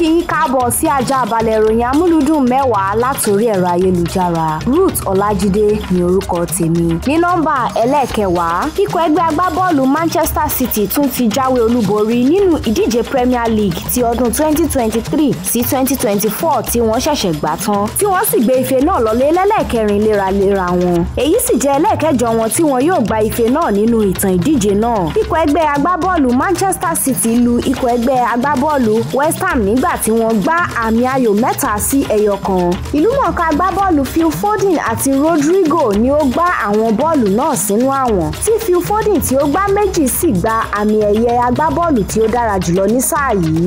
kí yín káàbọ̀ sí ajá balẹ̀ ìròyìn amúlùdùn mẹ́wàá látòrí ẹ̀rọ ayélujára Ruth Ọlájídé ní orúkọ tèmi ní nọ́mbà ẹlẹ́ẹ̀kẹwàá ikọ̀ ẹgbẹ́ agbábọ́ọ̀lù Manchester City tún ti jáwé olúborí nínú ìdíje Premier League ti ọdún 2023 sí 2024 tí wọ́n ṣẹ̀ṣẹ̀ gbà tán tí wọ́n sì gbé ife náà lọ́lé lẹ́lẹ́kẹrin léraléra wọn èyí sì jẹ́ ẹlẹ́ẹ̀kẹjọ wọn tí wọn yóò gba ife náà nínú ìtàn ìdíje náà ikọ̀ ẹgbẹ́ agbábọ́ọ̀lù Manchester City lu ikọ̀ ẹgbẹ́ agbábọ́ọ̀lù West Ham nígbà nígbà tí wọ́n gbá àmì ayò mẹ́ta sí ẹyọ kan. ìlúmọ̀ọ́ká agbábọ́ọ̀lù Phil Foden àti Rodrigo ni ó gbá àwọn bọ́ọ̀lù náà sínú àwọn tí Phil Foden tí ó gbá méjì sì gba àmì ẹ̀yẹ agbábọ́ọ̀lù tí ó dára jùlọ ní sáà yìí.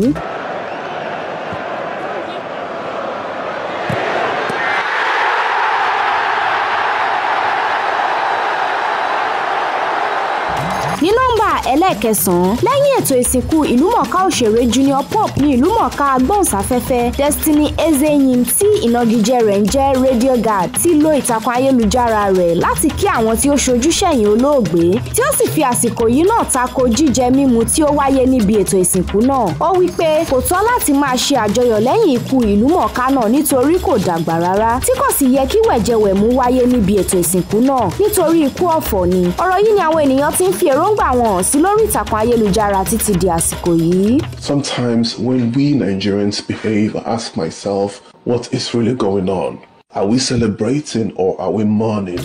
ní nọ́mbà ẹlẹ́ẹ̀kẹsàn-án ètò ìsìnkú ìlúmọ̀ọ́ká òṣèré Junior Pop ní ìlúmọ̀ọ́ká agbóhùnsáfẹ́fẹ́ Destiny Ezeyim tí ìnagijẹ rẹ̀ ń jẹ́ Radio Guard ti lo ìtàkùn ayélujára rẹ̀ láti kí àwọn tí ó ṣojú sẹ́yìn olóògbé tí ó sì fi àsìkò yìí náà tako jíjẹ mímu tí ó wáyé níbi ètò ìsìnkú náà ó wí pé kò tọ́ láti máa ṣe àjọyọ̀ lẹ́yìn ikú ìlúmọ̀ọ́ká náà nítorí kò dàgbà rárá tí kò sì yẹ kí wẹ̀jẹwẹ̀mú wáyé níbi ètò ìsìnkú náà nítorí ikú ọ̀fọ̀ ni ọ̀rọ̀ yìí ni àwọn ènìyàn ti ń fi èròǹgbà wọn sí lórí ìtàkùn ayélujára t títí di àsìkò yìí. Sometimes when we Nigerians behave, I ask myself, what is really going on? Are we celebrating or are we mourning?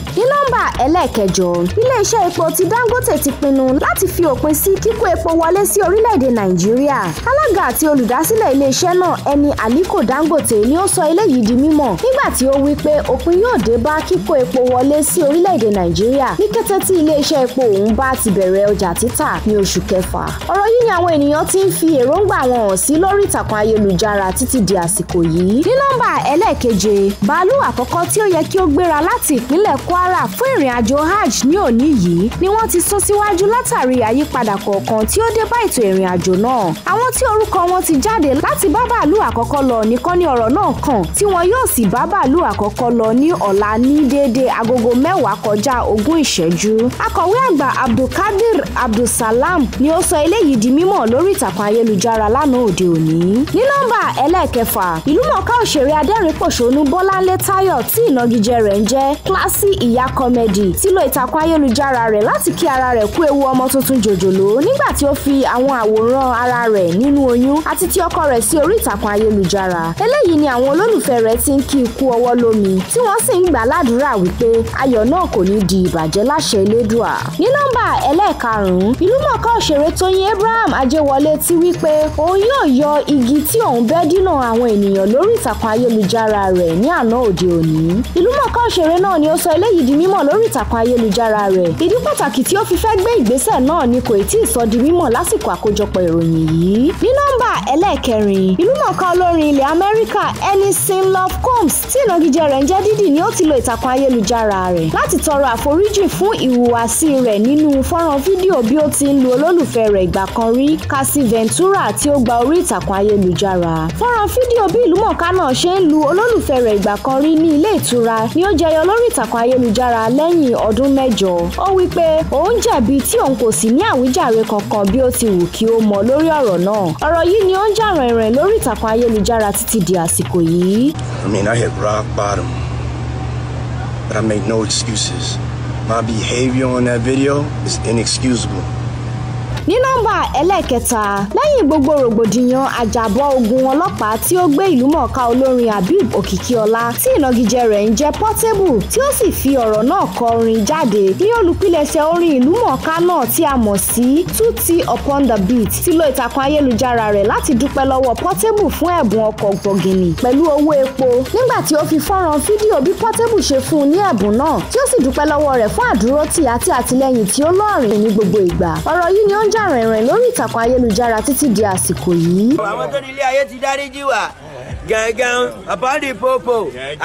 nọ́mbà ẹlẹ́ẹ̀kẹjọ iléeṣẹ́ epo ti Dangote ti pinnu láti fi òpin sí kíkó epo wọlé sí orílẹ̀-èdè Nàìjíríà alága àti olùdásílẹ̀ iléeṣẹ́ náà ẹni Aliko Dangote ni ó sọ eléyìí di mímọ̀ nígbà tí ó wí pé òpin yóò dé bá kíkó epo wọlé sí orílẹ̀-èdè Nàìjíríà ní kété tí iléeṣẹ́ epo òun bá ti bẹ̀rẹ̀ ọjà títà ní oṣù kẹfà ọ̀rọ̀ yìí ni àwọn ènìyàn ti ń fi èròǹgbà wọn hàn sí lórí ìtàkùn ayélujára títí di àsìkò yìí ní nọ́mbà ẹlẹ́ẹ̀keje bàálù àkọ́kọ́ tí ó yẹ kí ó gbéra láti ìpínlẹ̀ Kwara fún ìrìn àjò hajj ní òní yìí ni wọ́n ti sún síwájú látàrí àyípadà kọ̀ọ̀kan tí ó dé bá ètò ìrìn àjò náà àwọn tí orúkọ wọn ti jáde láti bá bàálù àkọ́kọ́ lọ nìkan ni ọ̀rọ̀ náà kàn tí wọn yóò sì bá bàálù àkọ́kọ́ lọ ní ọ̀la ní déédé agogo mẹ́wàá kọjá ogún ìṣẹ́jú akọ̀wé àgbà abdulkadir abdulsalam ni ó sọ eléyìí di mímọ̀ lórí ìtàkùn ayélujára lánàá òde òní ní nọ́mbà ẹlẹ́ẹ̀kẹfà ìlúmọ̀ọ́ká òṣèré adẹ́rìnpòṣónú bọ́láńlé táyọ̀ tí ìnagijẹ rẹ̀ ń jẹ́ kíláàsì ìyákọ Comedy ti lo ìtàkùn ayélujára rẹ̀ láti kí ara rẹ̀ kú ewu ọmọ tuntun jòjòló nígbà tí ó fi àwọn àwòrán ara rẹ̀ nínú oyún àti ti ọkọ rẹ̀ sí orí ìtàkùn ayélujára eléyìí ni àwọn olólùfẹ́ rẹ̀ ti ń kí ikú ọwọ́ lómi tí wọ́n sì ń gbà ládùúrà wípé ayọ̀ náà kò ní di ìbàjẹ́ láṣẹ Elédùà ní nọ́mbà ẹlẹ́ẹ̀karùn-ún ìlúmọ̀ọ́ká òṣèré Tóyìn Abraham Ajéwọlé ti wí pé òun yóò yọ igi tí òun bẹ́ dínà àwọn ènìyàn lórí ìtàkùn ayélujára rẹ̀ ní àná òde òní ìlúmọ̀ọ́ká òṣèré náà ni ó sọ eléyìí di mímọ̀ náà lórí ìtàkùn ayélujára rẹ̀ ìdí pàtàkì tí ó fi fẹ́ gbé ìgbésẹ̀ náà ni kò tí ì sọ di mímọ̀ lásìkò àkójọpọ̀ ìròyìn yìí ní nọ́mbà ẹlẹ́ẹ̀kẹrin ìlúmọ̀ọ́ká olórin ilẹ̀ Amẹ́ríkà Ennising Love Combs tí ìnagijẹ rẹ̀ ń jẹ́ dídì ni ó ti lo ìtàkùn ayélujára rẹ̀ láti tọrọ àforíjì fún ìhùwàsí rẹ̀ nínú fọ́nrán fídíò bí ó ti ń lu olólùfẹ́ rẹ̀ ìgbà kan rí Cassie Ventura tí ó gba orí ìtàkùn ayélujára fọ́nrán fídíò bí ìlúmọ̀ọ́ká náà ṣe ń lu olólùfẹ́ rẹ̀ ìgbà kan rí ní ilé ìtura ni ó jẹyọ lórí ìtàkùn ayélujára lẹ́yìn ọdún mẹ́jọ. ó wí pé òun jẹ̀bi tí òun kò sì ní àwíjàre kankan bí ó ti wù kí ó mọ lórí ọ̀rọ̀ náà. ọ̀rọ̀ yìí ni ó ń jà rìnrìn lórí ìtàkùn ayélujára títí di àsìkò yìí. I mean, I hit rock bottom, but I made no excuses. My behavior on that video is inexcusable ní nọ́mbà ẹlẹ́ẹ̀kẹta lẹ́yìn gbogbo rògbòdìyàn àjàbọ̀ ogun ọlọ́pàá tí ó gbé ìlúmọ̀ọ́ká olórin Habib Òkìkíọlá tí ìnagijẹ rẹ̀ ń jẹ́ Portable tí ó sì fi ọ̀rọ̀ náà kọrin jáde ní olùpilẹ̀ṣẹ̀ orin ìlúmọ̀ọ́ká náà tí a mọ̀ sí two t upon the beat ti lo ìtàkùn ayélujára rẹ̀ láti dúpẹ́ lọ́wọ́ Portable fún ẹ̀bùn ọkọ̀ gbọ̀gìnì pẹ̀lú owó epo nígbà tí ó fi fọ́nrán fídíò bí Portable ṣe fún un ní ẹ̀bùn náà tí ó sì dúpẹ́ lọ́wọ́ rẹ̀ fún àdúrótì àti àtìlẹ́yìn tí ó lọ́rìn ní gbogbo ìgbà ọ̀rọ̀ yìí ni ó ń j làrẹ̀rẹ̀ lórí ìtàkùn ayélujára títí di àsìkò yìí. àwọn tó ní ayé ti dáríjì wá gàngàn àbọ̀dì popo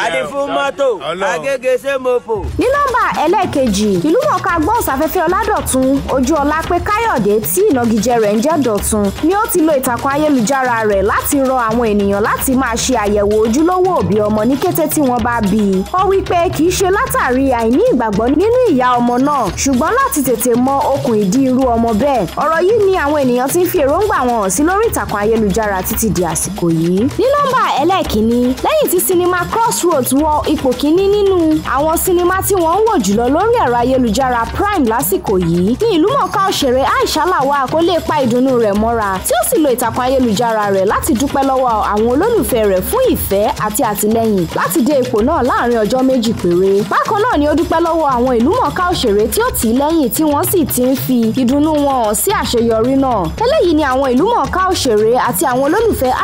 àdìfún mọ́tò àgègè sẹ́mọ̀pò. ní nọ́mbà ẹlẹ́ẹ̀kejì ìlúmọ̀ọ́ká gbọ́nsáfẹ́fẹ́ ọládọ̀tun ojú ọlá pé káyọ̀dé tí ìnagijẹ rẹ̀ ń jẹ́ dọ̀tun ni ó ti lo ìtàkùn ayélujára rẹ̀ láti rọ àwọn ènìyàn láti máa ṣe àyẹ̀wò ojúlówó òbí ọmọ ní kété tí wọ́n bá bí i. ó wí pé kì í ṣe látàrí àìní ìgbàgbọ́ nínú ìyá ọmọ náà ṣùgbọ́n láti tètè mọ okùn ìdí irú ọmọ bẹ́ẹ̀. ọ̀rọ̀ yìí ni àwọn ènìyàn ti ń fi èròǹgbà wọn hàn sí lórí ìtàkùn ayélujára títí di àsìkò yìí. ní nọ́mbà ẹlẹ́ẹ̀kínní lẹ́yìn tí cinema Crossroads wọ ipò kínní nínú àwọn sinimá tí wọ́n ń wò jùlọ lórí ẹ̀rọ ayélujára Prime lásìkò yìí ni ìlúmọ̀ọ́ká òṣèré Aisha Lawal kò lè pa ìdùnnú rẹ̀ mọ́ra tí ó sì lo ìtàkùn ayélujára rẹ̀ láti dúpẹ́ lọ́wọ́ àwọn olólùfẹ́ rẹ̀ fún ìfẹ́ àti àtìlẹ́yìn láti dé ipò náà láàrin ọjọ́ méjì péré bákan náà ni ó dúpẹ́ lọ́wọ́ àwọn ìlúmọ̀ọ́ká òṣèré tí ó tì í lẹ́yìn tí wọ́n sì ti ń fi ìdùnnú wọn hàn sí àṣeyọrí náà eléyìí ni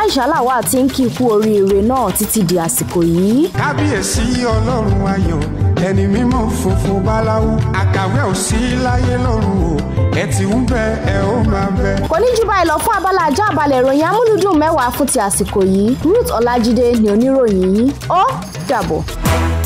Aisha Lawal ti ń kí oríire náà títí di àsìkò yìí. kábíyèsí ọlọ́run ayọ̀ ẹni mímọ́ funfun báláwo àkàwé ò sí láyé lọ́run o ẹ ti ń bẹ ẹ ó máa bẹ. kò ní jù báyìí lọ fún abala ajá àbálẹ̀ ìròyìn amúlùdùn mẹ́wàá fún ti àsìkò yìí Ruth Ọlájídé ni oníròyìn yìí ó dàbọ̀.